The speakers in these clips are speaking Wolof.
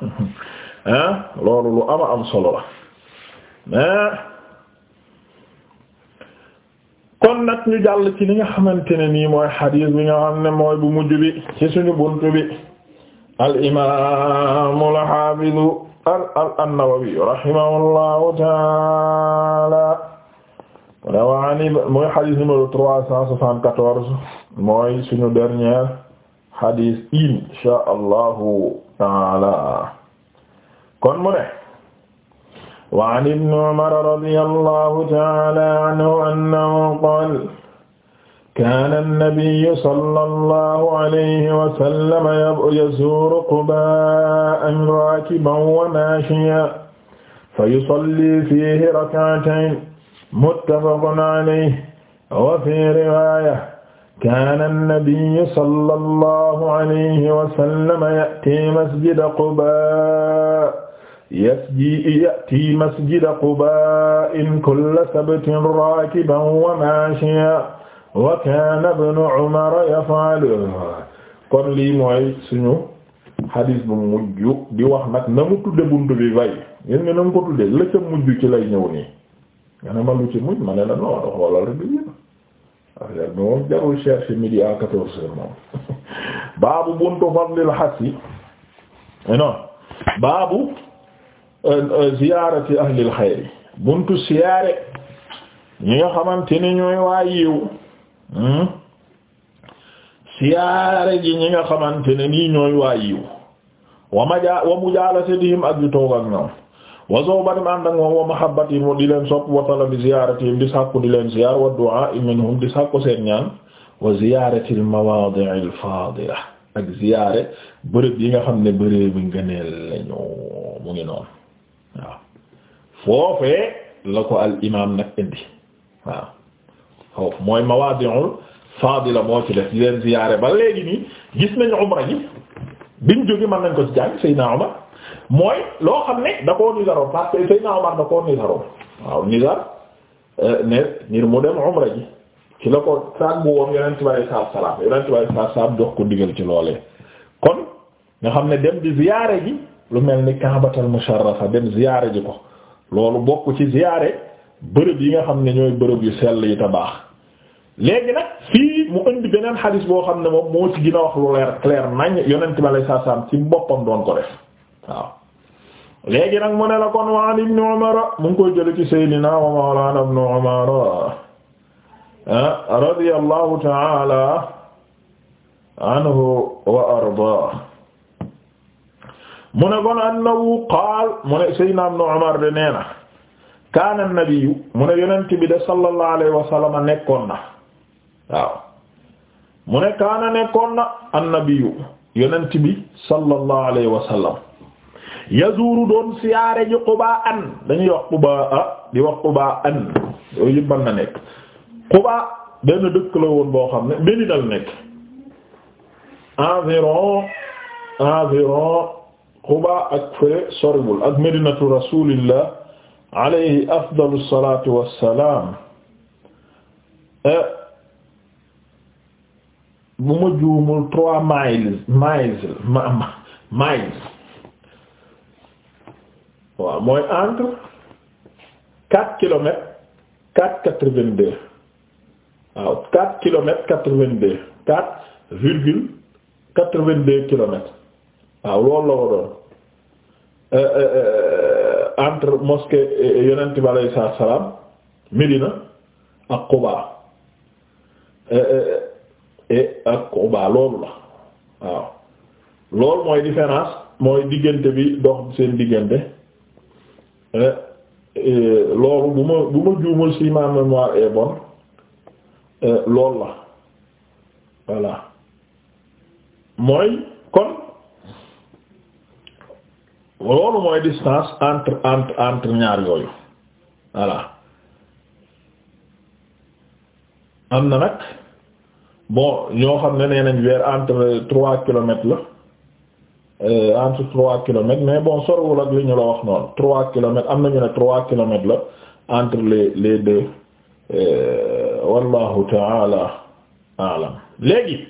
ah loolu lu ama am solo la ah kon nag ñu li nga xamante ne nii mooy xadiis bi nga xam mooy bu mujj bi ci suñu buntu bi al imaam al xaafidu al al nawawi rahimahullahu taala mooy xadis numéro trois cent quatorze mooy suñu dernier xadis insha allahu taala kon mu ne wa an ibni umar radiyallahu taala anhu annahu qaala kaana annabiyyu sallallahu alayhi wa sallam yazuuru qubaa'an raakiban wa maashiyan fayusalli fiihi rak'atayn muttafaqun alayhi wa fii riwaaya kaana nabiyyu sallallahu alayhi wa sallam ya'tii masjida Qubaa ya'tii masjida Qubaa kulla sabtin raakiban wa maashiyan wa kaana ibnu Umar yaf'aluhu kon lii mooy suñu xadis bu mujj di wax nag na mu tudde buntu bi bay yéen nga na mu ko tudde la ca mujj ci lay ñëw nii nga ne ma lu ci mujj ma ne la non xoolal rek affaire bi moom jarul chercher midi baabu buntu fadlil hasi eh baabu euh, euh, ziyaarati ahlil xayri buntu siyaare ñi nga xamante ni ñooy waa yiw hmm? siyaare ji ñi nga xamante ne nii ñooy waa yiw wa maja mujaalasatihim ak toog ak ñoom waa zawbatim ànd ak moom wa mahabbatihim di leen sopp wa talabi ziyaratihim di sàkku di leen ziyaar wa du'a minhum di sàkku seen ñaan wa ziyaratil ak ziyaare bërëb yi nga xam ne bërëb bi ngëneel lañu mu ngi noonu foofee la ko al imaam nag indi waaw foofu mooy mawaadi'ul faadila moo ci def di leen ziyaare ba léegi nii gis nañu umra ji biñ jóge mën nañ ko ci jàng Seydina Umar mooy loo xam ne da koo nizaroon parce que Seydina Omar da koo nizaroon waaw nizar euh, ne ngir mu dem umra ji ci la ko sàggu woon yonent bi saa salaam yonent bi saa salaam jox ko digal ci loolee. kon nga xam ne dem di ziyaare ji lu mel ni Kaabatal musharrafa dem ziyaare ji ko loolu bokk ci ziyaare bërëb yi nga xam ne ñooy bërëb yu sell yi te baax léegi nag fii mu indi beneen xadis boo xam ne moom moo ci gën a wax lu leer clair nañ yonent bi saa salaam boppam doon léegi nag mu ne la kon waan ibnu umar mu ngi koy jële ci seydina wa mawlana ibnu ah, ta'ala anhu wa ardaa mu ne kon annahu qaal mu ne seydina ibnu umar de nee na kaana nabiyu mu ne yonent bi de sallallahu alayhi nekkoon na mu ne kaana nekkoon na annabiyu yonent yazuru doon siyaare ji Quba an dañuy wax Quba ah di wax Quba an yooyu yëpp mën na nekk Quba benn dëkk la woon boo xam ne Medina la nekk environ environ Quba ak fee soriwul ak Medinatu Rasulillah alayhi afdalu salaatu wassalaam eh, bu ma juumul trois miles miles ma miles waaw mooy entre quatre kilomètres quatre quatre-vingt-deux waaw quatre kilomètres quatre-vingt-deux quatre virgule quatre-vingt-deux kilomètres waaw euh, euh, euh, bi alayhi loolu la waaw loolu mooy différence mooy diggante bi dox seen diggante Eh, eh, loolu bu ma bu ma juumal si mémoire est bonne eh, loolu la voilà mooy kon loolu mooy distance entre entre entre ñaar yooyu voilà am na nag bon ñoo xam ne nee nañ vers entre trois kilomètres la Euh, entre trois kilomètres mais bon sorowul ak li ñu la wax noonu trois kilomètres am nañu ne trois kilomètres la entre le les deux euh, wallahu taala alam léegi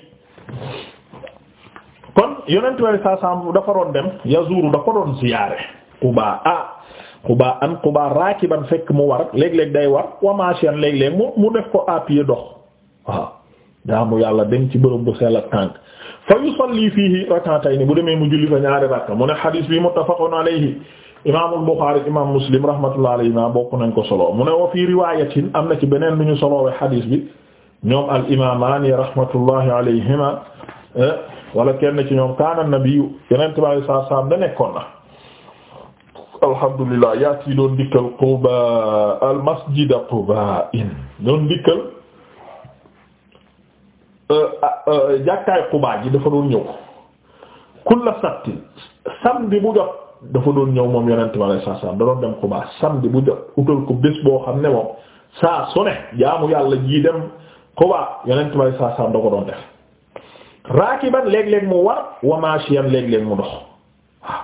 kon yonent way sa sam dafa doon dem yazuru dafa doon ziyaare Quba ah Quba an Quba raakiban fekk mu war léeg-léeg day war wa léeg-léeg mu mu def ko à pied dox waaw ah, jaamu yàlla dem ci bërëb bu sell ak tànk fa yusalli fiihi rak'atayni bu demee mu julli fa ñaari rakka mu ne xadis bi muttafaqun alayhi imaamul Buxaari imaam Muslim rahmatullahi alayhi ma bokk nañ ko solo mu ne wa fii riwaayatin am na ci beneen lu ñu soloowe xadis bi ñoom al imaamaani rahmatullahi alayhima wala kenn ci ñoom kaana nabiyyu yeneen tubaab yi saa saa da nekkoon na. alhamdulillah yaa ci doon dikkal Quba al masjida Quba in doon dikkal. Euh, ah, euh, jàkkaay Quba ji dafa doon ñëw kulla sabti samedi bu jot dafa doon ñëw moom yonent bi alayhi salaam da doon dem Quba samedi bu jot utal ko bés boo xam ne moom saa su ne jaamu yàlla jii dem Quba yonent bi alayhi salaam da ko doon def raakiban léeg-léeg mu war wa maashiyan léeg-léeg mu dox waaw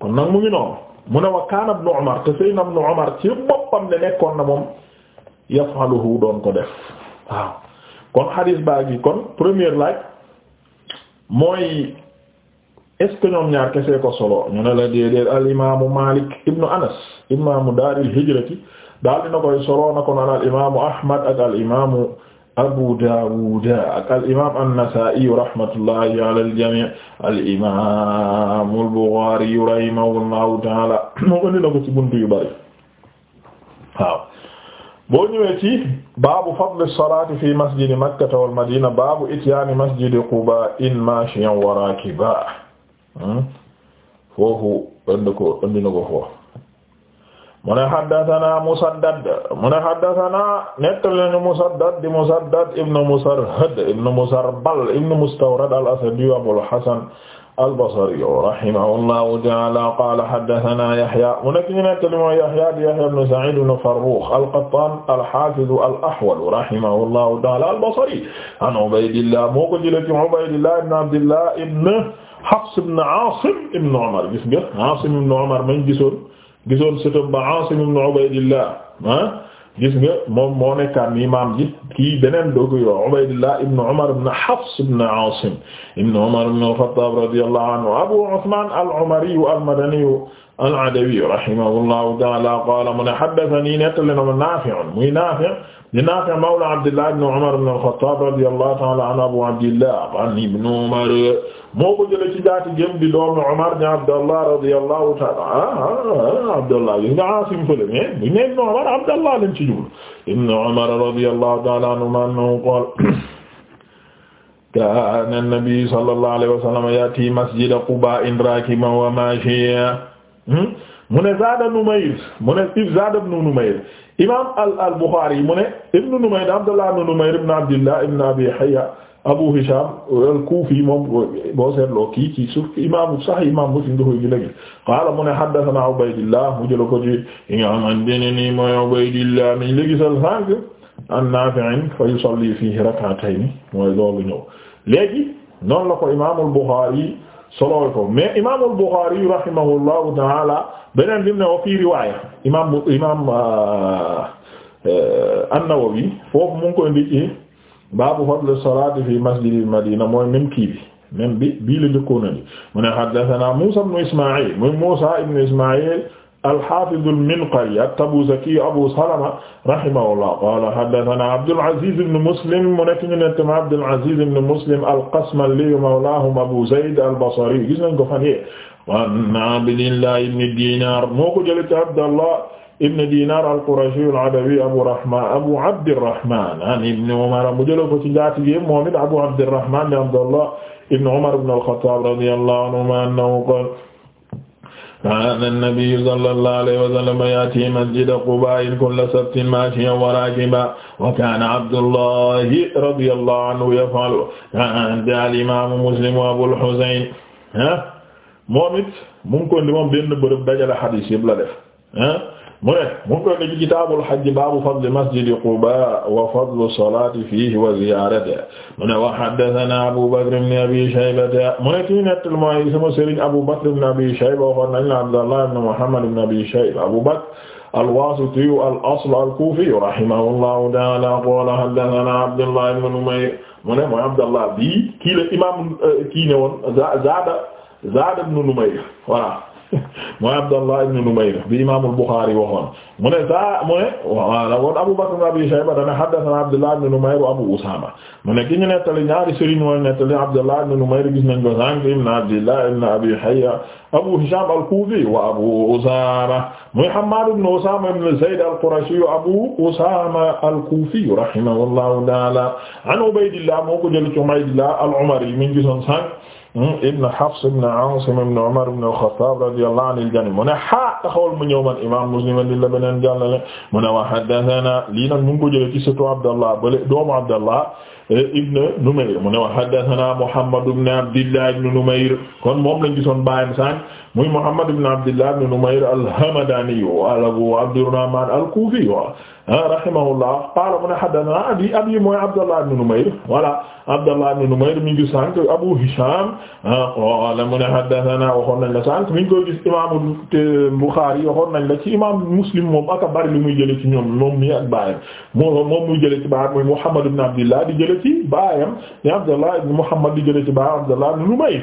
kon nag mu ngi noonu mu ne wa kaana ibnu Umar te Seydina ibnu Umar ci boppam ne nekkoon na moom yafaluhu doon ko def waaw kon xadis baa kon première laaj mooy est-ce ñoom ñaar kese ko solo ñu ne la déedéet al imaamu Malik ibnu Anas imaamu daaril hijrati daal dina koy solo na ko al imaamu Ahmad ak al imaamu Abu Dawud ak al imaam an-Nasa'i rahmatullahi ala al-jami' al imaamu al-Bukhari rahimahullahu ta'ala moo indi na ko ci buntu yu bari boo ñëwee ci baabu fadl as-salaati fi masjidi makkata wal madina baabu ityaani masjidi quba in maashiyan wa raakiba foofu indi ko indi mu ne haddathana musaddad mu ne haddathana nettali nañu musaddad di musaddad ibnu musarhad ibnu musarbal ibnu mustawrad al-asadi abul hasan al-Basri rahimahullahu ta'ala qala haddathana Yahya mu nekk ñu nettali mooy Yahya di Yahya ibn Sa'id ibn Farrukh al-Qattan al-Hafiz al-Ahwal rahimahullahu ta'ala al-Basri an Ubaydillah moo ko jëlee ci Ubaydillah ibn Abdillah ibn Hafs ibn Asim ibn Umar gis nga Asim ibn Umar mañ gisoon gisoon sëtam ba Asim ibn Ubaydillah ah, gis nga moom moo nekkaan ni imaam ji kii beneen doogu yoo Ubaydullah ibn Umar ibn Hafs ibn Asim ibn Umar ibn al-Khattab radiyallahu anhu Abu Uthman al-Umari al-Madani al-Adawi rahimahullahu ta'ala qala mu ne haddathani nettali na ma Nafi' muy Nafi' di Nafi' mawla Abdullah ibn Umar ibn al-Khattab radiyallahu ta'ala anhu Abu Abdillah ibn Umar moo ko jëlee ci jaati gém di doomi Umar ni Abdallah radiyallahu ta'ala ah Abdallah yi nga Asim fële mais bu ñu nee Umar Abdallah lañ ci jublu ibn Umar radiyallahu ta'ala anhuma annahu qaala kaana an-nabi sallallahu alayhi wa sallam ya'ti masjida Quba raakiban wa maashiyan hmm? mu ne zaada Numayr mu ne zaada ibn Numayr imaam al al Bukhari mu ne ibn Numayr Abdallah ibn Numayr ibn Abdillah ibn Abi Hayya Abu Hisham al-Kufi euh, moom boo seetloo kii ci suuf imaamu sax imaam Muslim da koy gën a gis qaala mu ne haddathana Ubaydillah mu jëla ko ci i nga xamante ne nii mooy Ubaydillah miñ léegi sal sànq an Nafi' fa yusalli fihi rak'atayn mooy loolu ñëw léegi noonu la ko imaamul Bukhari solo ko mais imaamul Bukhari rahimahullahu ta'ala beneen bi mu ne wa fii riwaaya imaam imaam euh, euh, an-Nawawi foofu mu ngi koy indi ci baabu fadl salaati fi masjidil madina mooy même kii bi même bi bii la njëkkoon a mu ne haddathana Muusa ibn Ismaa'il mooy Muusa ibn Ismaa'il al-Haafiz al-Minqari at-Tabuzaki Abu Salama rahimahullah qaala haddathana Abdul Aziz ibn Muslim mu nekk ñu ne tamit Abdul Aziz ibn Muslim al-Qasmali mawlaahum Abu Zayd al-Basri gis nañ ko fan yéen. wa an Abdillah ibn Dinar moo ko jëlee ci Abdallah ibn dinar al-qurashi al-adawi abu rahman abu abdirrahman an ah, ibn umar mu jëloo ko ci njaatige moom it abu abdirrahman ne abdullah ibn umar ibn al-khattab radiyallahu anhuma annahu qaala kaana an-nabiyyu sallallahu alayhi wa sallam ya'tii masjida Qubaa kulla sabtin maashiyan wa raakiban wa kaana abdullahi radiyallahu anhu yaf'alu kaana al-imaamu muslim wa abul husayn ah, moom it mu ngi ko indi moom benn bërëb dajale hadiis yëpp la def ah. mu ne mu ngi koy def ci kitaabul hajj baabu fadli masjidi Quba wa fadli salaati fiihi wa ziyaaratihi mu ne wa haddathanaa Abu Bakr ibn Abi Shayba mu ne kii nettal mooy sama sëriñ Abu Bakr ibn Abi Shayba waxoon nañ la Abdallah ibn Muhammad ibn Abi Shayba Abu Bakr al-Waasiti al-asl al-Kuufi rahimahullahu ta'aala qaala haddathanaa Abdullah ibn Numayr mu ne mooy Abdallah bii kii la imaam kii ne woon Zaada Zaada ibn Numayr voilà. mooy Abdallah ibn Numayr bi imaamul Buxaari waxoon mu ne saa mu ne wala woon Abu Bakr ibn Abi Shayba dana haddathana Abdallah ibn Numayr wa Abu Usaama mu ne ki ñu nettali ñaari sëriñ mooy nettali Abdallah ibn Numayr gis nañ ko sànq ibn Abdillah ibn Abi Hayya Abu Hisham al-Kufi wa Abu Usaama muy Hammad ibn Usaama ibn Zayd al-Qurashi Abu Usaama al-Kufi rahimahullahu ta'ala an Ubaydillah moo ko jël ci Ubaydillah al-Umari mi ngi gisoon sànq Hmm? ibn Hafs ibn Aasim ibn Umar ibn al-Khattab radiyallahu anil jami' mu ne ha taxawal mu ñëw man imaam Muslim indi la beneen jàllale mu ne wa haddathana lii nag mu ngi ko jëlee ci surtout Abdallah bële doomu Abdallah ibn Numayr mu ne wa haddathana Muhammad ibn Abdillah ibn Numayr kon moom lañ gisoon baayam saan muy Muhammad ibn Abdillah ibn Numayr al-Hamadani Abu Abdurrahman al-Kufi ah, rahimahullah qaala mu ne haddathana abi abi mooy Abdullah ibn Numayr voilà Abdullah ibn Numayr mi ngi sànq Abu Hisham ah, qaala mu ne haddathana waxoon nañ la sànq mi ngi koy gis imaamu Bukhari waxoon nañ la ci imaam Muslim moom ak a bari li muy jëlee ci ñoom moom mii ak baayam moom moom muy jëlee ci baayam muy Muhammad ibn Abdillah di jëlee ci baayam ni Abdallah ibn Muhammad di jële ci baayam Abdallah ibn Numayr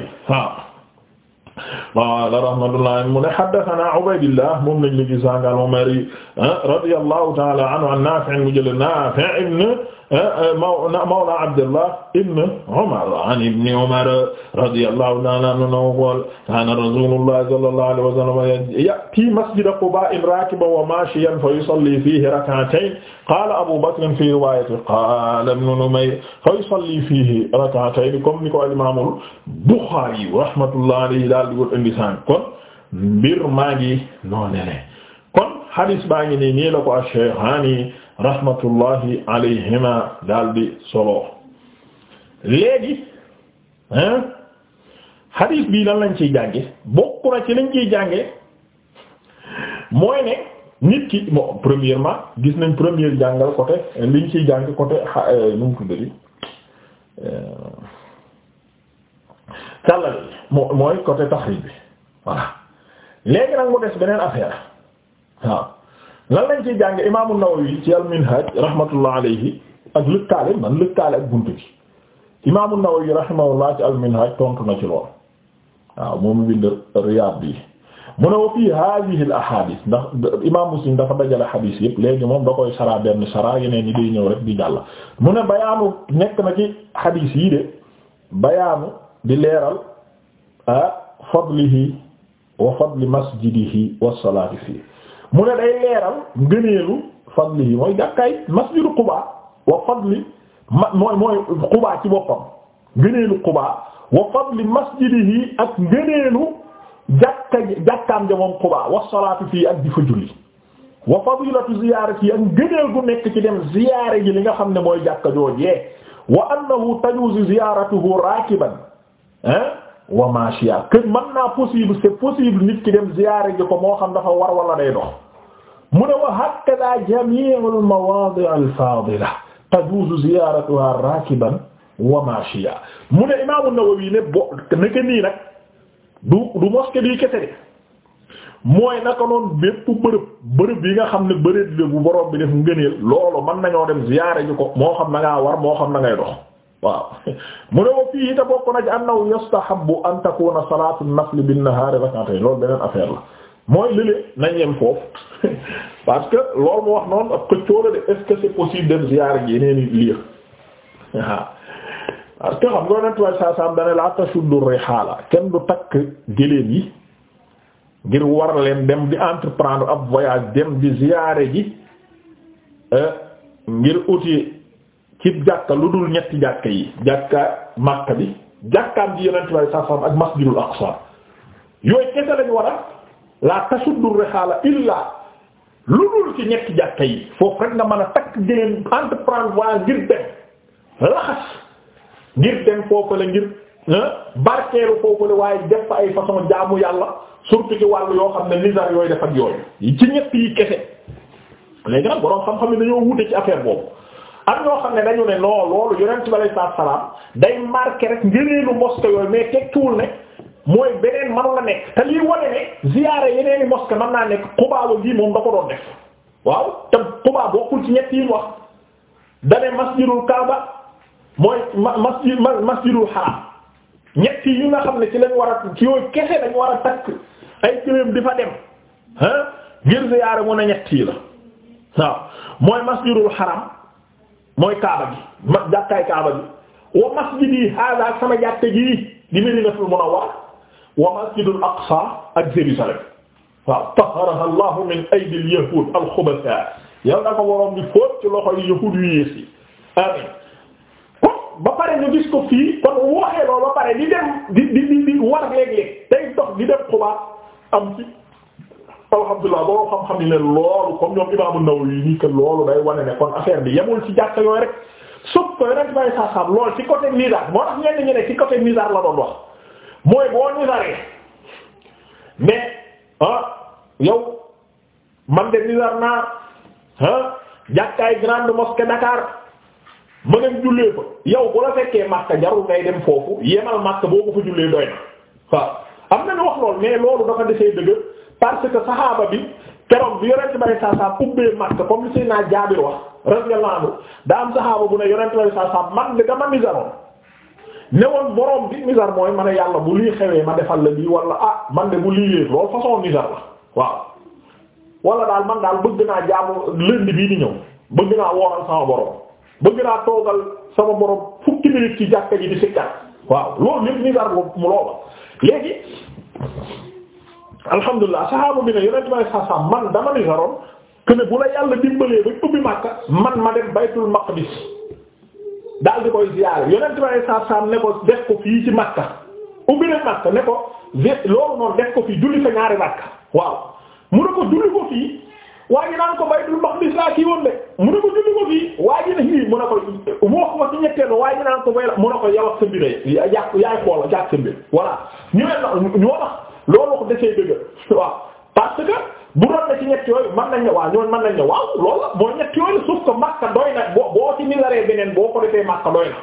waaw rahmatullah mu ne haddathana Ubaydillah moom lañ la gis sànqal Umari radiyallahu ta'ala anhu an Nafi' mu jële Nafi' Euh, euh, mawla Abdullah ibn Umar an ibn Umar radiyallahu ta'ala anhu qaala kaana rasuulullahi sallallahu alayhi wa sallam ya'tii masjida Qubaa raakiban wa maashiyan fa yusalli fiihi rak'atayn qaala Abu Bakr fii riwaayatin qaala ibn Numayr fa yusalli fiihi rak'atayn comme ni ko al-Imaam Buxaari rahmatullahi alayhi daal di ko indi sànq kon mbir maa ngi noonu ne kon hadiis baa ngi nii nii la ko Shaykhaani rahmatullahi alayhima daal di solo léegi hein hadis bii lan lañ ciy jànge bokk na ci lañ ciy jànge mooy ne nit ki bon premièrement gis nañ première jàngal côté liñ ciy jàng côté euh, nu mu tuddati càllale euh, mooy côté taxrib bi voilà léegi nag mu des beneen affaire waaw lan lañ ciy jàng imaamu Nawawi ci al-Minhaj rahmatullah alayhi ak lëkkaale man lëkkaale ak buntu bi imaamu Nawawi rahimahullah ci al-Minhaj tontu na ci lool waaw moom bind Riyaad bi mu ne wa fii haadihi al-ahaadiis ndax imaam Muslim dafa dajale xadiis yëpp léegi moom da koy saraa benn saraa yeneen ñi day ñëw rek di jàll mu ne bayaanu nekk na ci xadiis yi de bayaanu di leeral ah fadlihi wa fadli masjidihi wa salaati fiihi mu ne day leeral ngëneelu fadli yi mooy jàkkaay masjidu Quba wa fadli ma mooy mooy Quba ci boppam ngëneelu Quba wa fadli masjidihi ak ngëneelu jàkka jàkkaam ja moom Quba wa salaatu fii ak di fa julli wa fadilatu ziyaarati ak ngëneel gu nekk ci dem ziyaare ji li nga xam ne mooy jàkka joojee wa annahu tajuuzu ziyaaratuhu raakiban ah wa machia que mën naa possible c'est possible nit ki dem ziyaare ji ko moo xam dafa war wala day dox mu ne wa hakada jami'ul mawadi' al fadila tajuzu ziyaratuha rakiban wa machia mu ne imam an-Nawawi ne bo neke nii nag du du mosquée bi kese de mooy naka noonu bépp bërëb bërëb yi nga xam ne bërëb la bu borom bi def ngëneel loolu mën nañoo dem ziyaare ji ko moo xam na war moo xam na ngay dox waaw mu ne wa fii te bokk na ci annahu yustahabbu an takuna salatu an-nafl bin-nahari rak'atayn loolu beneen affaire la mooy lële nañ yem parce que loolu mu wax noonu ak xëccoo de est que c'est possible dem ziyaar ji yeneen liir parce que xam nga yonent way saa saam dane la tashuddu rihala kenn du takk géléem yi ngir war leen dem di entreprendre ab voyage dem di ziyaare ji eh, ngir uti ci jàkka lu dul ñetti jàkka yi jàkka Makka bi jàkkaam ji yonent bi saa saam ak masjidul aqsa yooyu kese lañ war a la tasuddu rihaala illa lu dul ci ñetti jàkka yi foofu rek nga mën a takk jëleen entreprendre voyage ngir dem laxas ngir dem foofu la ngir barkeelu foofu la waaye def fa ay façon jaamu yàlla surtout ci wàllu yoo xam ne nisar yooyu def ak yooyu ci ñett yi kese léegi nag boroom xam-xam ne dañoo wute ci affaire boobu am ñoo xam ne dañu ne non loolu yonent bi alayhi salaam day marqué rek njëriñu mosquée yooyu mais tekkiwul ne mooy beneen manu la nekk te lii wane ne ziyaare yeneen i mosquée mën naa nekk Quba gi moom da ko doon def waaw te Quba bokkul ci ñetti yi wax da ne masjidul Kaaba mooy masjid masjidul yi nga xam ne ci lañ war a ci yooyu kese dañ war a takk ay jëwëm di dem ah ngir ziyaare mu ne ñett yi la waaw mooy masjidul Haram. mooy kaaba gi ma jàkkaay kaaba gi wa masjidi hada ak sama jàkke ji di Madinatul Munawwara wa masjidul Aqsa ak Jérusalem waaw min aydil yahud al-xubasaa yow ci loxo yi yahud yu yées yi amin fii kon waxee loolu ba pare di dem alhamdulilah boo xam-xam ni leen loolu comme ñoom Imam An-Nawawi nii que loolu day wane ne kon affaire bi yemul ci jàkka yooyu rek suuf que rek bay saa saam lool moo tax ñenn ñi ne ci côté Nizar la doon wax mooy boo Nizaree mais ah, yow man de Nizar naa ah jàkkaay grande mosquée Dakar. ma dem jullee fa yow bu la fekkee Makka jarul ngay dem foofu yemal Makka boo ko fa jullee doy na waaw am na ñu wax lool mais loolu dafa desee dëgg parce que saxaaba bi keroog bi yonent bi saa saa ubbee Makka comme li Seydina Jaabir wax radiyallahu anhu daa am saxaaba bu ne yonent bi saa man de dama misaroon ne woon borom bi misar mooy ma ne yàlla bu lii xewee ma defal la lii wala ah man de bu lii yéeg loolu façon misar la waaw. wala daal man daal bëgg naa jaamu lundi bii di ñëw bëgg naa wooral sama borom bëgg naa toogal sama borom fukki minutes ci jàkka ji di sikkat waaw loolu lépp misar mu alhamdulilah saxaaba bi ne yonent bi saa saa man dama ni garoon que ne bu la yàlla dimbalee ba ubbi Makka man ma dem baytul maqdis daal di koy ziyaare yonent bi saa saa ne ko def ko fii ci Makka ubbi na Makka ne ko loolu noonu def ko fii julli sa ñaari Makka waaw mu ne ko julli ko fii waaye naan ko baytul maqdis laa kii woon de mu ne ko julli ko fii waaye ne ko moo ko ko bay la ko yow ak sa mbir yaay yaay xool jàpp sa mbir loolu ko defee dëgg waaw parce que bu doon na ci ñett yooyu mën nañ ne waaw ñooñu mën nañ ne waaw loolu la mooy ñett yooyu suuf ko Makka doy na boo boo ci milaree beneen boo ko defee Makka doy na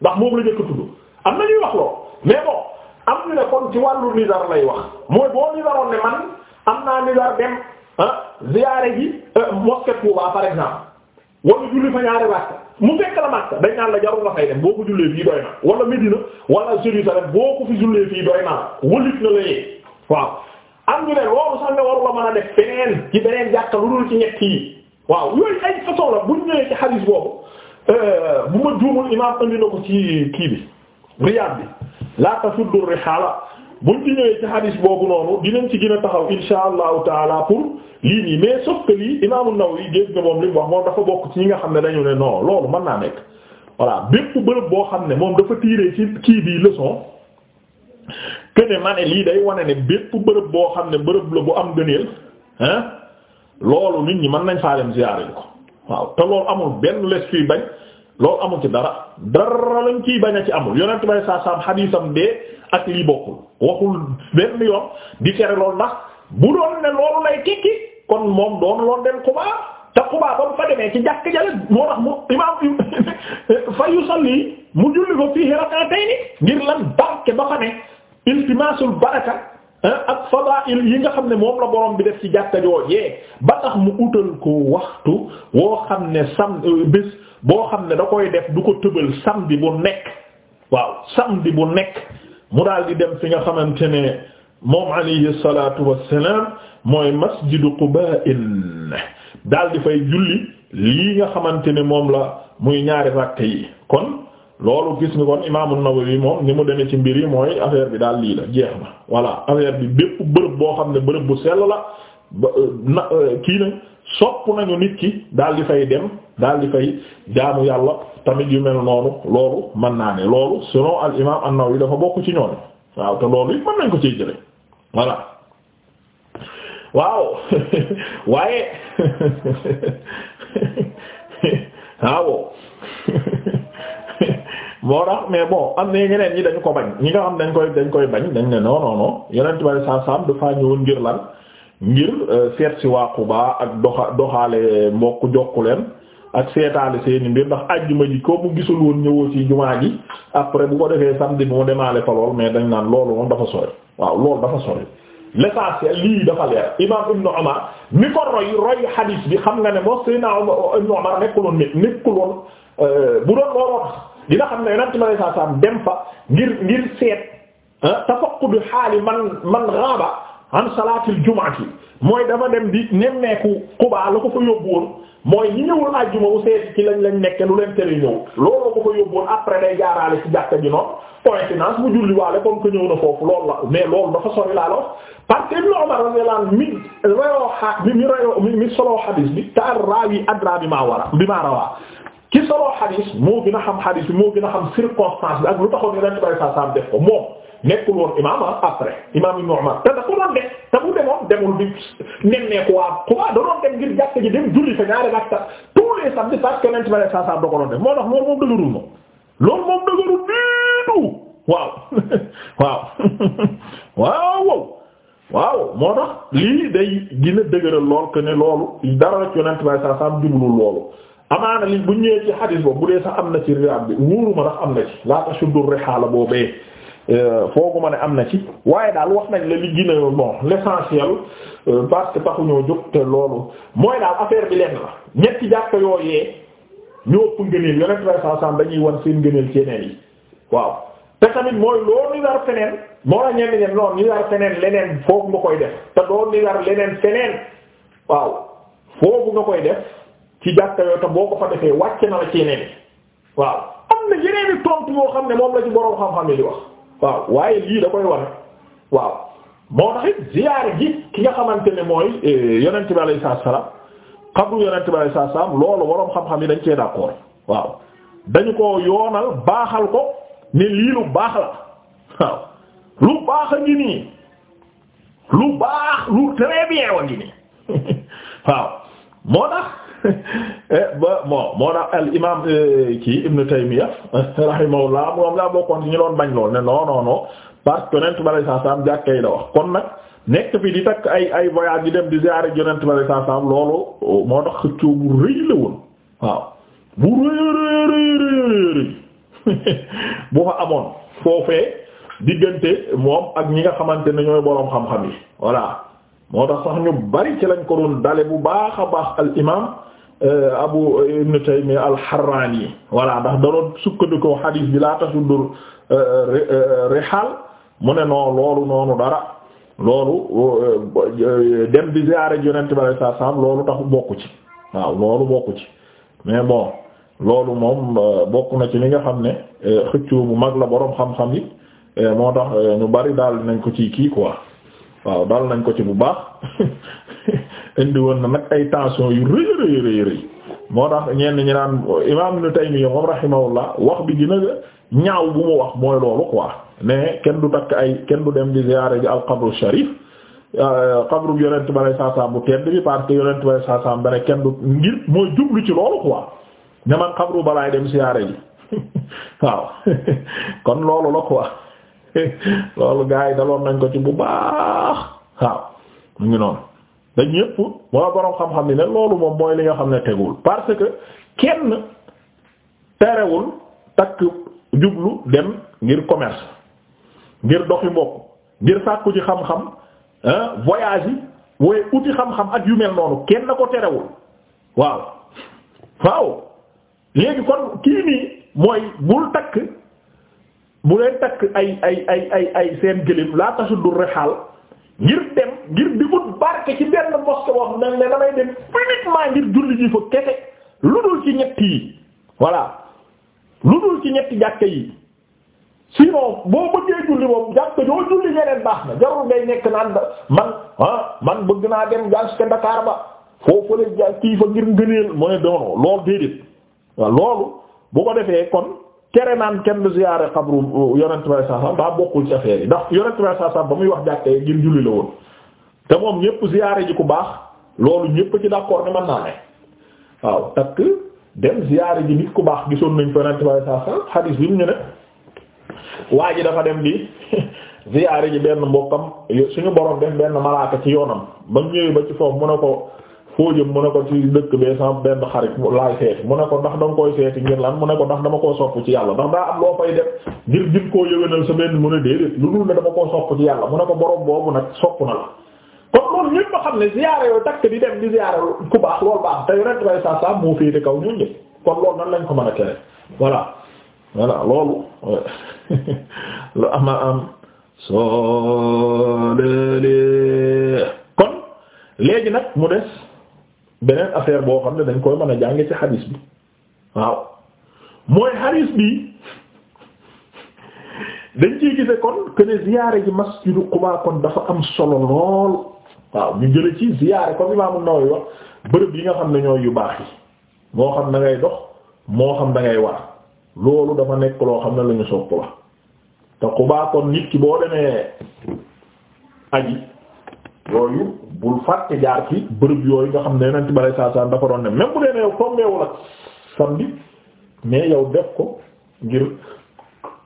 ndax moom la njëkk tudd am na ñuy wax loolu mais bon am ñu ne kon ci wàllu nizar lay wax mooy boo nizaroon ne man am naa nizar dem ah ziyaare ji euh, mosquée Touba par exemple wala julli fa ñaari Makka mu fekk la Makka dañ naan la jarul nga fay dem boo ko jullee fii doy na wala Medina wala Jérusalem boo ko fi jullee fii doy waaw am ñu ne loolu sax nga waru la mën def feneen ci beneen jàkka lu dul ci ñett yi waaw yooyu ay façon la bu ñu ñëwee ci xadiis boobu euh, bu ma juumul imaam ci kii bi Riyad bi la tasuddu bu buñ ci ñëwee ci xadiis boobu noonu dinañ ci gën a taxaw insha allahu taala pour lii nii mais sauf que lii imaamu Nawawi dégg nga moom li mu wax moom dafa bokk ci ñi nga xam ne dañu ne non loolu mën naa nekk voilà bépp bërëb boo xam ne moom dafa tiiree ci kii bi leçon këne ma ne lii day wane ne bépp bërëb boo xam ne bërëb la bu am gëneel loolu nit ñi mën nañ faa dem ziyaare ko waaw te loolu amul benn les fii bañ loolu amul ci dara dara lañ ciy bañ a ci amul yonent bay saa saam xadiisam dee ak lii bokkul waxul benn yoon di tere loolu ndax bu doon ne loolu lay kikki kon moom doon loolu dem Qubaa te Qubaa ba mu fa demee ci jàkk jale moo tax mu imaam fa yusalli mu julli ko fii rak'atayni ngir lan barke ba fa ne iltimaasul baraka ah, ak fadaa'il yi nga xam ne moom la borom bi def ci jàkka joojee ba tax mu utal ko waxtu woo xam ne sam euh, bés boo xam ne da koy def du ko tëbal samedi bu nekk waaw samedi bu nekk mu daal di dem fi nga xamante ne moom alayhi salaatu wassalaam mooy masjidu Qubaa'in daal di fay julli lii nga xamante ne moom la muy ñaari rakk yi kon loolu gis nga kon imaam an-Nawawi moom ni mu demee ci mbir yi mooy affaire bi daal lii la jeex na voilà affaire bi bépp bërëb boo xam ne bërëb bu sell la euh, euh, kii na sopp nañu nit ki daal di fay dem daal di fay jaamu yàlla tamit yu mel noonu loolu mën naa ne loolu selon al imaam an-Nawawi dafa bokk ci ñoom waaw te loolu it mën nañ ko ciy jële voilà waaw waaye waaw moo tax mais boo am na ñeneen ñi dañu ko bañ ñi nga xam dañ koy dañ koy bañ dañ ne non non non yonent bi saa saam dafa ñëwoon ngir lan ngir euh, seet si waa Quba ak doxa doxaale mbokk jokku leen ak seetaale seeni mbir ndax àjjuma ji ko gisul woon ñëwoo ci jumaa ji bu ko defee samedi bi mu demaale fa mais dañ naan loolu dafa sori waaw dafa sori. l'essentiel lii dafa leer imaam Ibn ni ko roy roy hadith bi xam nga ne moom Seydina Ibn Umar nekkuloon nekkuloon euh, bu doon looloo tax dina xam ne yonent bi sallallahu de wasallam dem fa ngir ngir seet ah, tafaqqudu xaali man man raaba an salaatil jumaati mooy dama dem di nemmeeku Quba la ko fa yóbbu woon mooy ñi ñëwul àjjuma wu seet ci lañ lañ nekke lu leen tere ñëw looloo ko fa yóbbu woon après day jaaraale ci jàkka ji noonu coïncidence mu julliwaale comme que ñëw na foofu loolu la mais loolu dafa sori laa la parce que Ibn Umar rawaa ci solo xadis moo gën a xam xadis bi moo gën a xam circonstance bi ak lu taxoon yeneen bay saa saam def ko moom nekkul woon imaam ah, après imaam Ibn Umar te da ko doon def te bu demoon demul bi nemmeeku que yeneen bay saa saam da ko doon def moo tax loolu moom dëgërul moom loolu moom dëgërul diitu waaw waaw waaw moo tax lii day gën a lool que ne loolu dara la ci yeneen bay saa loolu. amaana li bu ñëwee ci xadis boobu bu dee sax am na ci riab bi wóoruma ndax am na ci laa tashuddu rihaala boobee euh, ma ne am na ci waaye daal wax nañ la li gën a bon l'essentiel euh, parce que taxuñoo jóg te loolu mooy daal affaire bi lenn la ñetti jàpp yooyee ñoo ëpp ngëneel yonent bi sallallahu alayhi dañuy wan seen ngëneel ci yeneen yi waaw te tamit mooy loolu ni war feneen moo la ñenn ñenn noonu ni war feneen leneen foofu nga koy def te l ni leneen feneen waaw foofu koy def ci jàkka yooyu te boo ko fa defee wàcc na la ci yeneen waaw am na yeneen tontu yoo xam ne moom la ci boroom xam-xam yi di wax waaw waaye lii da koy wane waaw moo tax it ziyaare gi ki nga xamante ne mooy eh, yonent bi alayhi salaam xabru yonent bi alayhi salaam loolu woroom xam-xam yi dañ cee d'accord waaw dañu ko yoonal baaxal ko ne lii lu baax la waaw lu baax a ngi nii lu baax lu très bien wa ngi nii waaw moo tax. Eh, ba moo moo tax al imaam eh, kii Ibn Taymiyya rahimahullah moom laa bokkoon ci ñu doon bañ lool ne non non non parce que yonent bale saa saam yi la wax kon nag nekk fi di takk ay ay voyage di dem di ziyaare yonent bale saa saam loolu oh, moo tax xëccoo bu rëy waaw bu rëy rëy rëy amoon foofee diggante moom ak ñi nga xamante ne ñooy boroom xam-xam yi voilà moo tax sax ñu bari ci lañ ko doon dale bu baax a baax al imaam Euh, Abu Ibn Taymiyya al-Harrani voilà ndax daroon sukkandikoo xadiis bi laa du euh, euh, rihal mu ne noonu loolu noonu dara loolu dem di ziyaare Yonent bi alayhi salaam loolu taxu bokku ci waaw loolu bokku ci mais bon loolu moom bokk na ci li nga xam ne xëccoo bu mag la boroom xam-xam yi moo tax ñu bari daal nañ ko ci kii quoi waaw daal nañ ko ci bu baax indi woon na nag ay tension yu rëy rëy rëy moo tax ñenn ñi naan imaam Ibn Taymiyya moom rahimahullah wax bi dina ñaaw bu mu wax mooy loolu quoi mais kenn du takk ay kenn du dem di ziyaare ji al qabru sharif euh, qabru yonent ba lay saasaam bu tedd bi parce que yonent ba lay saasaam ba ne kenn du ngir mooy jublu ci loolu quoi ne man qabru balaay dem ziyaare ji waaw kon loolu la quoi loolu gaa yi daloon nañ ko ci bu baax waaw mu ngi noonu dañ ñëpp moo borom xam-xam ni ne loolu moom mooy li nga xam ne tegul parce que kenn terewul takk jublu dem ngir commerce ngir doxi mbokk ngir sàkku ci xam-xam voyage yi uti xam-xam ak yu mel noonu kenn na ko terewul waaw waaw léegi kon kii nii mooy bul takk bu leen takk ay ay ay ay ay seen gëléem laa tasuddu rihal ngir dem ngir di barke ci benn mosquée wax nag ne damay dem uniquement ngir julli ji fa kese lu dul ci ñett yi voilà lu dul ci ñetti jàkke yi sinon boo bëggee julli moom jàkk joo julli ñeneen baax na jarul ngay nekk naan da man ah man bëgg naa dem jàkk Dakar ba foofu la kii fa ngir ngëneel mu ne doono loolu déedéet waaw loolu bu ko defee kon tere naan kenn du ziyaare xabru yonent bi sallallahu alayhi wasallam daa bokkul ci affaire yi ndax yonent bi sallallahu alayhi ba muy wax jàkk ngir julli la woon te moom ñépp ziyaare ji ku baax loolu ñépp ci d'accord ne mën naa ne waaw takk dem ziyaare ji nit ku baax gisoon nañ fa nag waaye saa saa xadiis bi mu ñu ne waa ji dafa dem bi ziyaare ji benn mbokkam suñu borom def benn malaaka ci yoonam ba mu ñëwee ba ci foofu mu ne ko foo jëm mu ne ko ci dëkk bee sama benn xarit laay seeti mu ne ko ndax danga koy seeti ngir lan mu ne ko ndax dama koo sopp ci yàlla ndax daa am loo fay ngir jëm koo yëwénal sa mu ne dama koo sopp yàlla mu ne ko boroom boobu nag sopp na la kon loolu ñëpp nga xam ne ziyaara yooyu takk di dem di ziyaara ku baax loolu baax te yonent bay saa saa moo féete kaw ñun ñëpp kon loolu nan lañ ko mën a tere voilà voilà loolu lu ama nag mu affaire boo dañ koy mën a jànge ci xadiis bi waaw mooy xadiis bi am solo lool waaw ñu jële ci ziyaare comme Imaamu Nawawi wax bërëb yi nga xam ne ñooy yu baax yi moo xam da ngay dox moo xam da ngay war loolu dafa nekk loo xam ne lu ñu sopp la te Quba kon nit ki boo demee aji yooyu bul fàtte jaar ci bërëb yooyu nga xam ne yonent bi alayhi salaam dafa doon ne même bu dee ne yow tombeewul ak samedi mais yow def ko ngir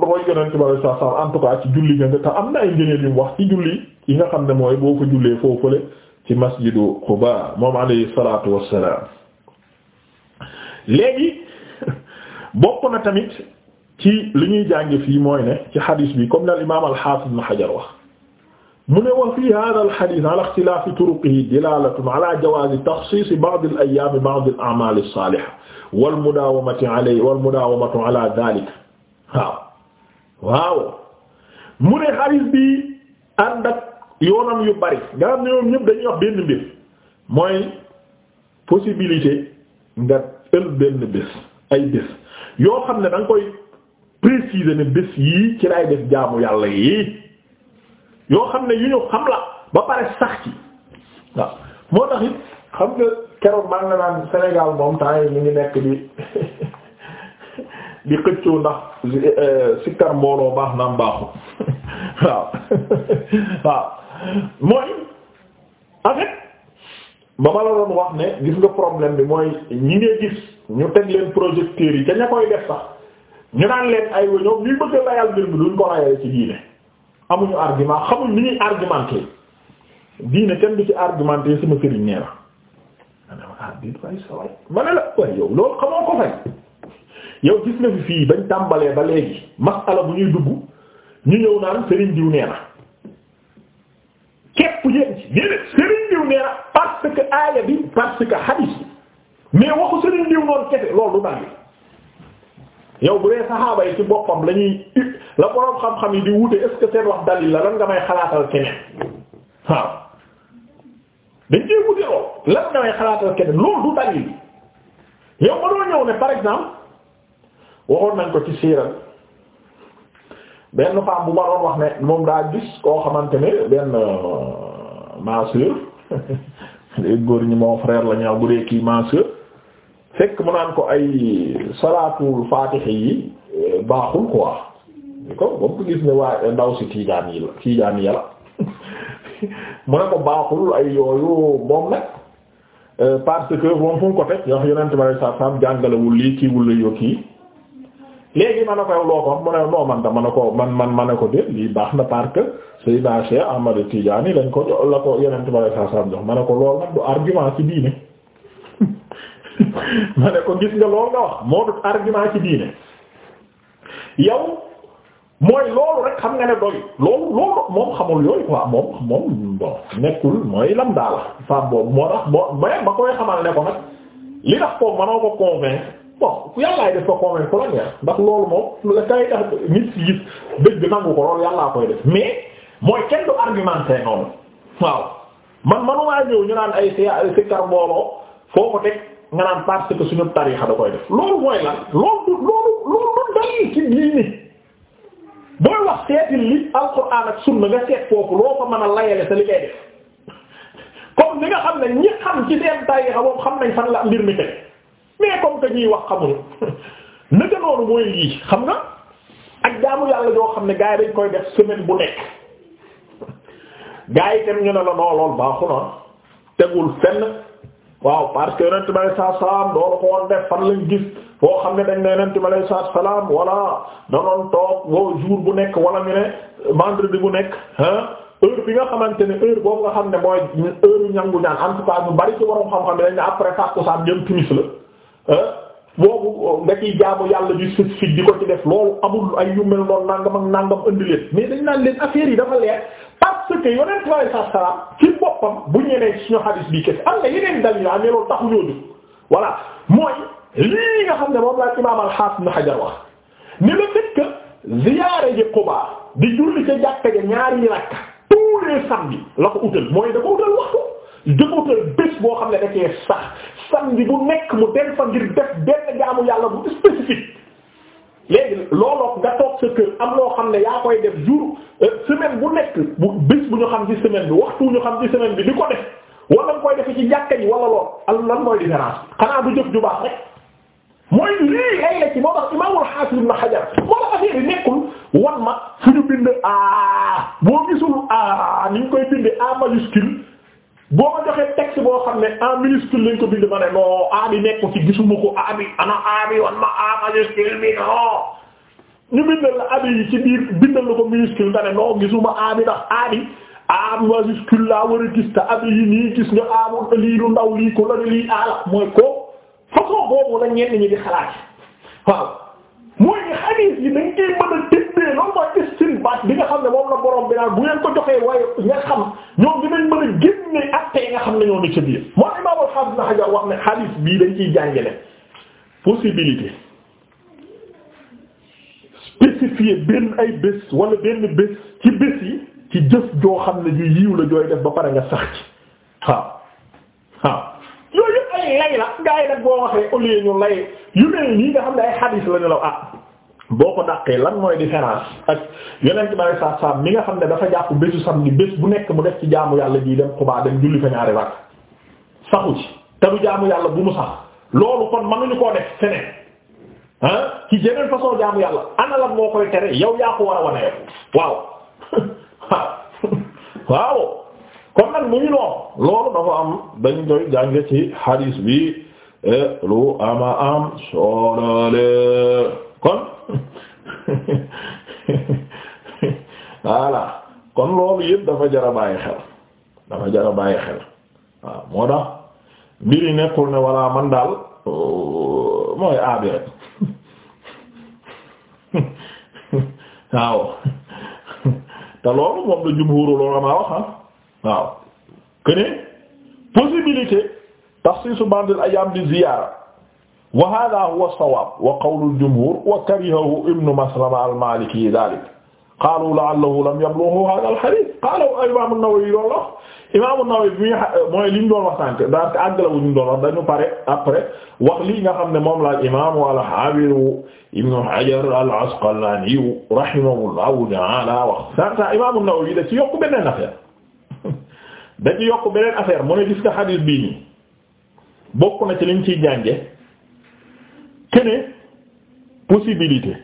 mooy yonent bi alayhi salaatu salaam en tout cas ci julli nga nga te am na ay ngëneel yu wax ci julli yi nga xam ne mooy boo ko jullee foofule ci masjidu Quba moom alayhi salaatu wassalaam léegi bokk na tamit ci li ñuy jànge fii mooy ne ci xadis bi comme al imaam al-Haafiz Ibn Hajar wax mu ne wa fii haaza al-hadiis ala ixtilaafi turuqihi dilaalatun ala jawaazi taxsiisi ba'di al-ayyaami ba'di al-a'maali as-saaliha wal mudaawamati alayhi wal mudaawamatu ala zaalika waaw waaw mu ne xaris bi ànd ak yoonam yu bari nga xam ne ñoom ñëpp dañuy wax benn mbir mooy possibilité nga ël benn bés ay bés yoo xam ne da nga koy préciser ne bés yii ci lay def jaamu yàlla yii yoo xam ne yu ñu xam la ba pare sax ci waaw moo tax xam nga keroog maa ngi naan Sénégal moom temps yi ñu ngi nekk bi di xëccoo ndax euh, sikkar mbooloo baax naam baaxu waaw waaw mooy en ba ma la doon wax ne gis nga problème bi mooy ñi ngay gis ñu teg leen projecteurs yi ca ña koy def sax ñu naan leen ay wa ñoom ñuy bëgg layal mbir bi duñ ko layale ci diine amuñu argument xamuñ ni ñuy argumenté diine kenn du ci argumenté sama sëriñ nee na ma ne ma ah dit waaye saway ma ne la waaye yow loolu xamoo ko fay yow gis na fi fii bañ tàmbalee ba léegi masala bu ñuy dugg ñu ñëw naan Serigne diw nee na képp ci déedéet Serigne diw nee parce que aaya bi parce que hadith mais waxu Serigne diw noonu kese loolu du naan yow bu dee saxaaba yi ci boppam la ñuy la xam-xam yi di wute est ce seen wax dalil la lan nga may xalaatal keneen waaw dañ cee wute lool lan nga may xalaatal keneen loolu du dalil yow ma doon ñëw ne par exemple. waxoon nañ ko ci siiran benn femme bu ma wax ne moom daa gis koo xamante ne benn euh, ma sœur léegi góor ñi mon frère la ñaaw bu dee kii ma fekk mu naan ko ay salaatul faatiha yi euh, baaxul quoi ko ba gis ne waa euh, ndaw si tiijaan yi la tiijaan yi la mu ne ko baaxul ay yooyu moom nag parce moom fu mu ko teg yoo xam yeneen tubaab yi sax jàngalewul lii kiiwul la yoo kii. léegi ma ne ko yow loo ko man da ma ne ko man man ma ne ko déet lii baax na parce que Seydina Cheikh Ahmad Tidiane lañ ko la ko yeneen tubaab yi saa jox ma ne ko lool nag du argument ci diine ma ne ko gis nga lool nga wax moo du argument ci diine yow mooy loolu rek xam nga ne doy loolu loolu moom xamul yooyu quoi moom moom nekkul mooy lam daal femme boobu moo tax boo mais ma koy xamal ne ko nag li tax ko mënoo ko convaincre. bon yàllaay def ko convaincre la neex ah. ndax loolu moom la kay tax nit si gis dëgg nangu ko loolu yàllaa koy def mais mooy kenn du argumenté noonu waaw man manumaa ñëw ñu naan ay sikkar mbooloo foo ko teg nga naan parce que suñu tariixa da koy def loolu mooy lan loolu du loolu loolu du dalil ci diini booy wax seeti li alxuraan ak sunna nga seet foofu loo ko mën a layale sa li koy def comme ni nga xam ne ñi xam ci seen tariixa boobu xam nañ fan la mbir mi mais comme que ñuy wax xamuñu naka noonu mooy lii xam nga ak jaamu yàlla yoo xam ne gaa yi dañ koy def semaine bu nekk gars yi tam ñu ne la noo lool baaxuloon ah, tegul fenn waaw parce que yonent xam ne dañ ne yonent bi alay salaatu salaam walla da doon toog boo jour bu nekk wala ñu ne vendredi bu nekk hein heure bi nga xamante ne heure boobu nga xam ne mooy heure ñangu ñaan en tout cas bari ci waroon xam-xam ne dañ ne après tàkkusaan jëm timis la boobu nga ciy jaamu yàlla ju spécifique di ko ci def loolu amul ay yu mel noonu nangam ak nangam andi leen mais dañ naan leen affaire yi dafa leer parce que yonent bi alayhi salaam ci boppam bu ñeneen suñu hadith bi kese am na yeneen dal yu am loolu taxuñoo jóg voilà mooy lii nga xam ne moom laa imaam al-Hasan ibn Hajar wax ne le fait que ziyaare ji Quba di julli ca jàkka ja ñaari rakka tous les samedis la ko utal mooy da ko utal waxtu. jëmmutal bés boo xam ne da cee sax samedi bu nekk mu dem fa ngir def benn jaamu yàlla bu spécifique léegi looloo nga toog sa kër am loo xam ne yaa koy def jour euh, semaine bu nekk bu bés bu ñu xam ci semaine bi waxtu ñu xam ci semaine bi di ko def wala nga koy defe ci jàkka ji wala lool al lan mooy différence xanaa bu jëf ju baax rek mooy lii ay la ci moo tax imaamul Haafis Ibn Hajar moo tax affaire yi nekkul wan ma fu ñu bind a boo gisul a koy binde a boo ko joxee texte boo xam ne en minuscule lañ ko bind ma ne non aabi nekk ci gisuma ko aabi ana aabi wan ma a majuscule bi non ñu bindal la aabi yi ci biir bindal la ko minuscule nga ne non gisuma aabi ndax aabi aabi majuscule laa war a gis te aabi yi nii gis ndaw lii ko la lii aala mooy ko façon boobu la ñenn ñi di xalaat waaw mooy xadiis yi dañ koy borom bu leen ko joxee waaye nga xam ñoom dinañ mën a génne ak tey nga xam ne ñoo ne ca biir moo imam al wax ne hadith bii dañ ciy jàngale possibilité spécifié benn ay bés wala benn bés ci bés yi ci jëf joo xam ne ju yiw la jooy def ba pare nga sax ci waaw waaw yooyu yëpp ay lay la gaa yi nag boo waxee au lieu ñu lay yu mel nii nga xam ne ay hadith la ñu ah boo ko dàqee lan mooy différence ak yeneen ma saa saa mi nga xam ne dafa jàpp bésu samedi bés bu nekk mu def ci jaamu yàlla ji dem Xubaa dem julli fa ñaari rakk saxu ci te du jaamu yàlla bu mu sax loolu kon mënuñu koo def feneen ah yàlla ana ko war a wane waaw waaw kon nag mu ngi loolu dafa am dañ koy jànge ci hadis bi eh, lu ama am solo kon voilà kon loolu yëpp dafa jar bàyyi xel dafa jar bàyyi xel waaw moo tax mbir nekkul ne walla man daal euh, mooy aabi waaw te loolu moom la jumhurul ulama wax ah waaw que possibilité tax si su bandil ayam ziyaara wa haaza huwa sawaab wa qawlu jumhuur wa karihahu ibnu maslama al-maaliki daalik qaalu la'allahu lam yablughu haaza al-hadiis qaala imaam an-Nawawi loolu wax imaam an-Nawawi bi mooy li mu doon wax sànq daanaka àggale wu ñu doon wax dañu pare après wax lii nga xam ne moom la imaam al-haafiz ibnu hajar al-asqalaani rahimahullahu ta'aala wax sànq imaam an-Nawawi da ci yokk beneen affaire da ci yokk beneen affaire mu ne gis nga xadiis bii nii bokk na ci liñ ciy jànge kene possibilité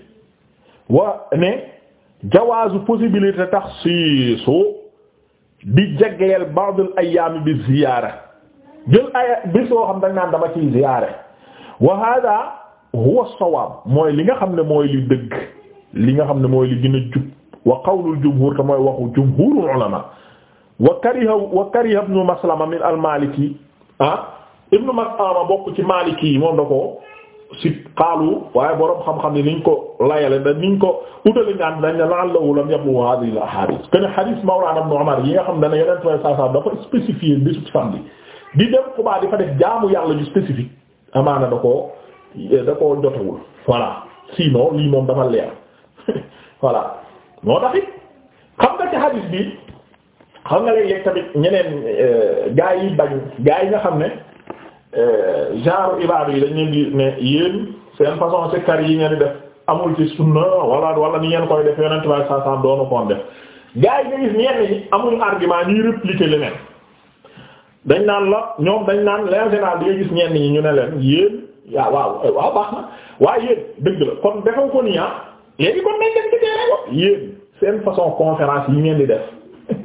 wa ne jawaazu possibilité taxsiisu di jagleel ba'd al ayyaam bi ziyaara jël aya bés yoo xam dañ naan dama ciy ziyaare wa hada huwa sawaab mooy li nga xam ne mooy li dëgg li nga xam ne mooy li gën a jub wa qawlul jumhur te mooy waxu jumhurul ulama wa kariha wa kariha ibnu maslama min al maliki ah ibnu maslama bokk ci maliki yi moom da si xaalu waaye borom xam-xam ne niñ ko layale da niñ ko utali ngaan dañ la la'allahu lam yabu hadhihi al ahadith ken hadith Mawlana Ibn Umar yi nga xam ne ne yeneen tooy saa saa dafa spécifié bi su samedi di dem Quba di fa def jaamu yàlla ju spécifique amaana da koo da koo jotewul voilà sinon lii moom dafa leer voilà moo taxit xam nga ci hadith bi xam nga léeg-léeg tamit ñeneen euh, gaa yi bañ gaa yi nga xam ne. Euh, genre ibaadu yi dañ leen di ne yéen seen façon sikkar yi ngeen di def amul ci sunna wala wala ni ngeen koy def yonent bi sallallahu alayhi doonu koon def gars yi nga gis ñenn ñi amuñu argument ñuy répliquer leneen dañ naan la ñoom dañ naan en général di nga gis ñenn ñi ñu ne leen yéen waaw waaw euh, waaw baax na waaye yéen dëgg la kon defoo ko nii ah léegi kon nañ dem ci terrain ko yéen seen façon conférence yi ngeen di def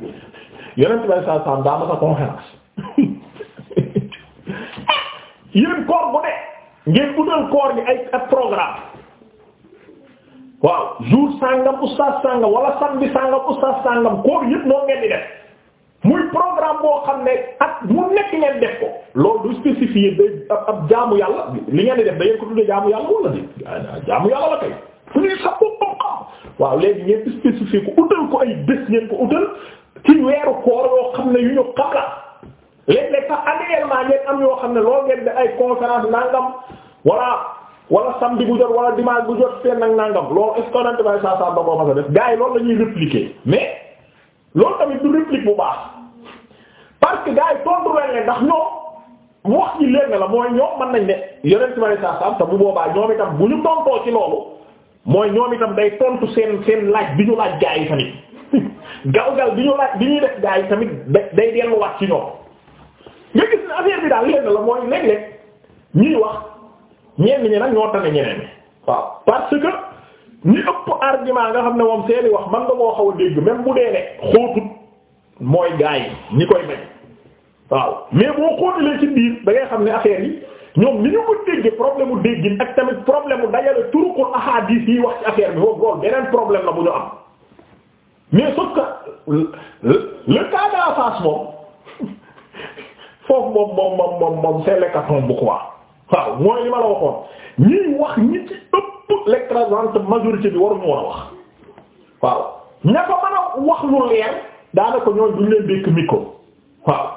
yonent bi sallallahu alayhi daa ma sa conférence yéen koor bu ne ngeen utal koor bi ay ak programme waaw jour sangam oustaz sangam wala samedi sangam oustaz sangam koor yëpp noo ngeen di def muy programme boo xam ne ak mu nekk ngeen def ko loolu du spécifié ba ab jaamu yàlla li ngeen di def da ngeen ko tuddee jaamu yàlla wala di jaamu yàlla la kay fu ñuy xam xam waaw léegi ngeen spécifié ko utal ko ay bés ngeen ko utal ci weeru koor yoo xam ne yu ñu xam la léeg-léeg sax annuellement ngeen am yoo xam ne loolu ngeen di ay conférence nangam wala wala samedi bu jot wala dimanche bu jot seen nag nangam loolu est ce que nante bay sasam ba booma sa def gars yi loolu la ñuy mais loolu tamit du réplique bu baax parce que gars yi tontu leen ndax ñoom wax ji leen la mooy ñoom mën nañ ne yonent bay sasam te bu boobaa ñoom itam bu ñu tontoo ci loolu mooy ñoom itam day tontu seen seen laaj bi ñu laaj gars yi tamit gawgal bi ñu laaj bi ñuy def gars yi tamit day delluwaat ci ñoom nga gis ne affaire bi daal lenn la mooy léeg-léeg ñuy wax ñenn ñi nag ñoo tane ñeneen waaw parce que ñi ëpp argument nga xam ne moom seeni wax man nga moo xaw a dégg même bu dee ne xóotut mooy gaa yi ñi koy bañ waaw mais boo xóotalee ci biir da ngay xam ne affaire yi ñoom ni ñu ko déggee problème mu déggin ak tamit problème mu dajale turuqul ahadis yi wax ci affaire bi foofu loolu beneen problème la bu ñu am mais sauf que le cas de moom foofu moom moom moom moom moom c'est l'hécatombe bu quoi waaw mooy li ma la waxoon ñiy wax ñi ci ëpp l'écrasante majorité bi waruñu war a wax waaw ña a wax lu leer daanaka ñooñu leen dékk micro waaw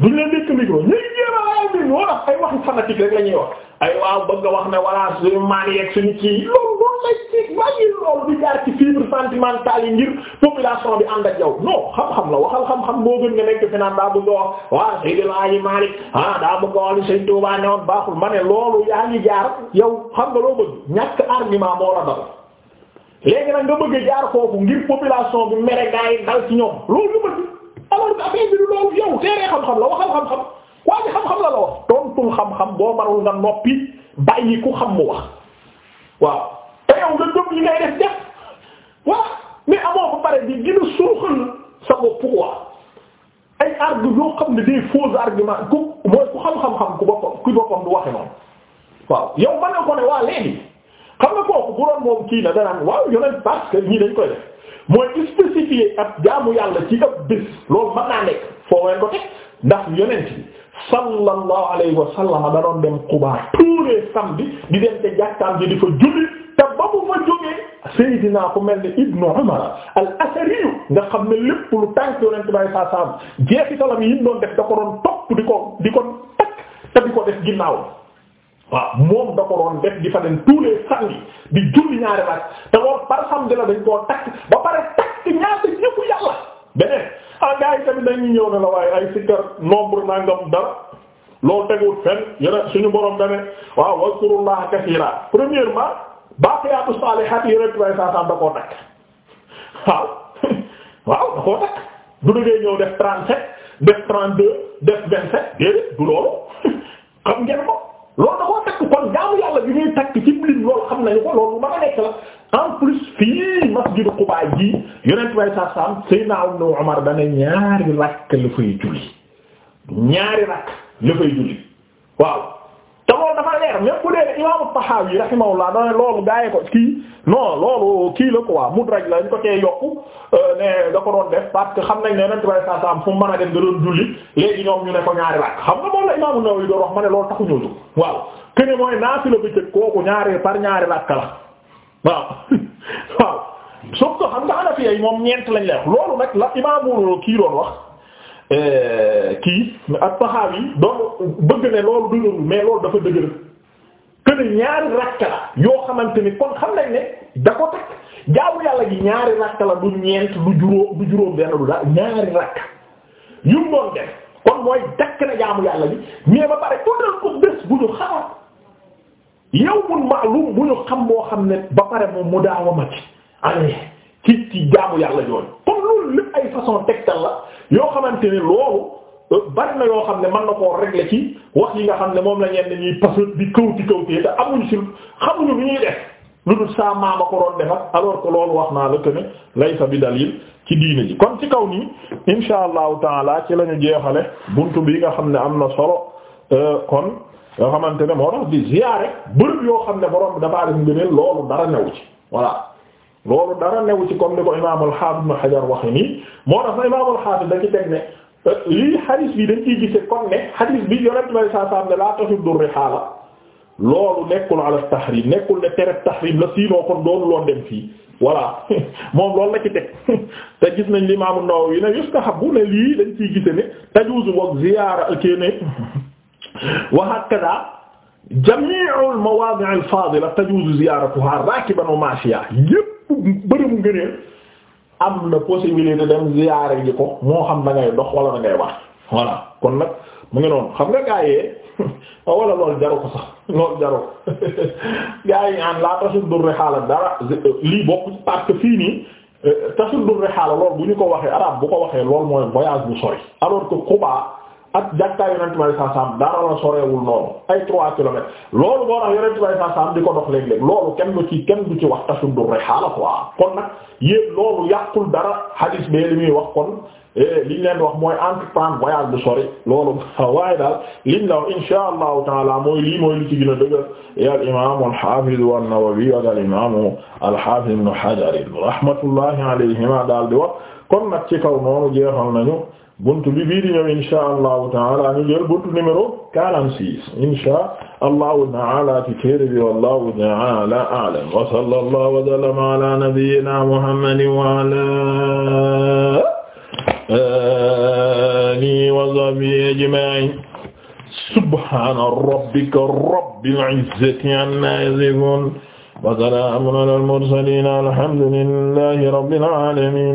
duñ leen dékk micro ñuy a rek la ñuy wax ay waaw bëgg nga wax ne walla suñu maan yeeg suñu kii loolu loolu lay ci loolu di jaar ci fibre sentimentale yi ngir population bi ànd ak yow non xam-xam la waxal xam-xam moo gën nga nekk fi naan daa a wax waaw Seydou Laaji Malick ah daa bëgg a nga loo bëgg ñàkk argument a jaar foofu ngir population bi mere gaa yi ci ñoom loolu nga bëgg alors que bi du loolu yow teeree xam-xam la wax tontul xam-xam boo marul nga noppi bàyyi ku xam mu wax waaw te yow nga dëpp yi ngay def def waaw mais amoo ba pare di gën a suuxal sa bopp quoi ay argument yoo xam ne des faux argument ku mooy ku xam-xam-xam ku boppam ku boppam du waxe noonu waaw yow mën na ko ne waa léegi xam nga kooku bu doon moom kii na danaan waaw yoneen parce que ñii dañ koy def mooy spécifier ab jaamu yàlla ci ab bés loolu mën naa nekk foo ween ko teg ndax yonent bi sallallahu alayhi wa sallam da doon dem Quba tous les samedis di dem te jàkkaam di te ba mu fa jógee Seydina ku mel ni Ibnu Umar al nga xam ne lépp lu tànk Yonent bi sallallahu alayhi wasallam jeexitalam yi mu doon def da ko doon topp di ko di ko te di ko def ginnaaw waaw moom da ko doon def di fa dem tous les samedi di julli ñaari rak te loolu par samedi la dañ koo takk ba pare takk ñaata ñëfu yàlla beneen ah gars yi tamit dañuy ñëw ne la waaye ay sikkar nombre nangam dara loolu teguwul fenn yéen suñu borom da ne waaw wazkurullaha kasiira premièrement. baaqiyaatu saalihaat yi rek bay saa da koo takk waaw waaw da koo takk du dëggee ñëw def 37 def 32 def 27 déedéet du loolu xam ngeen ko loolu da koo takk kon jaamu yàlla bi ñuy takk ci lim loolu xam nañu ko loolu lu mën a nekk la en plus fii masjidu Quba ji yonent bay saa saa Seydina Umar da ñaari rakk la fay julli ñaari rakk la fay julli waaw. te loolu dafa leer même bu dee imaamu Tahawi rahimahullah da loolu gaayee ko kii non loolu kii la quoi mudraj la ñu ko cee yokku euh, ne da ko def parce que xam nañ ne Yonent bi sallallahu alayhi wasallam fu mu mën a dem da doon julli ne ko ñaari rakk xam nga moom la imaamu Nawawi doon wax ma ne loolu taxuñu jóg waaw que ne mooy naafila bi bëccëg kooku ñaari par ñaari rakk la waaw waaw soo ko xam nga Hanafi yi moom ñeent lañ lay wax loolu nag la imaamu kii doon wax. Euh, kii ak Taxaawi donc bëgg ne loolu dëgërul mais loolu dafa dëgër que ne ñaari rakka la yoo xamante ni kon xam nañ ne da ko teg jaamu yàlla gi ñaari rakka la du ñeent juróom du juróom benn du ñaari rakka yu mu doon kon mooy dakk na jaamu yàlla gi mais ba pare tuddal ko bés bu ñu xaar yow mun maalum bu ñu xam boo xam ne ba pare moom mu daawamati amee. ci ci jaamu yàlla jooju comme loolu lépp ay façon tegtal la yoo xamante ni loolu euh, bari na yoo xam ne man na koo régler ci wax yi nga xam ne moom la ñenn ñuy pasut di kawti kawtee te amuñ si xamuñu lu ñuy def lu dul saa maama ko doon defar alors que loolu wax naa la que ne laysa bi dalil ci diine ji kon ci kaw nii insha allahu taala ci la ñu jeexale buntu bi nga xam ne am na solo euh, kon yoo xamante ne moo tax di ziyaare bërëb yoo xam ne borom bi dafa def loolu dara newu ci comme ni ko imaam al-Hafiz Ibn Hajar da ci teg ne euh, lii hadith bi dañ ciy gise kon ne bi yonent bay saa saam ne laa tahuddu rihaala loolu nekkul ala tahrim nekkul ne tere tahrim la siinoo kon doonu loon dem fii voilà moom loolu la te gis nañ li maam an-Nawawi ne lii dañ ciy gise ne tajuuzu wa ziyaara kene wa hakada jami'u bërëmu ngëneel am na possibilité dem ziyaare ji ko moo xam na ngay dox wala na ngay wax voilà kon nag mu ngi noonu xam nga gaa yee wala loolu jaru ko sax loolu jaru ko gaa yi aan laa tasul dur rexaala dara lii bokk parce que fii nii euh, tasul dur rexaala loolu bu ñu ko waxee arabe bu ko waxee loolu mooy voyage bu sori alors que Quba ak jàkkaay yonent may saa saam dara la sorewul noonu ay trois kilomètres loolu boo tax yonent may saa saam di ko dox léeg-léeg loolu kenn du kenn du ci wax tasum du rihaala quoi kon nag yéen loolu yàqul dara hadis bee li muy wax kon eh, liñ leen wax mooy entreprendre voyage bu sori loolu waaye daal liñ la wax insha allahu taala mooy lii mooy li ci gën a dëgër ya al imam al hafiz an-Nawawi al imam al daal di wax kon nag ci kaw noonu jeexal buntu bi bii di ñëw insha allahu taala ñu jël buntu numéro 46 insha allahu taala ci téere bi wallahu taala a'lam wa sallallahu wa sallama ala nabiyyina muhammadin wa ala alihi wa sahbihi ajma'in subhana rabbika rabbil izzati amma yasifun wa salamun ala al mursalin alhamdulillahi rabbil alamin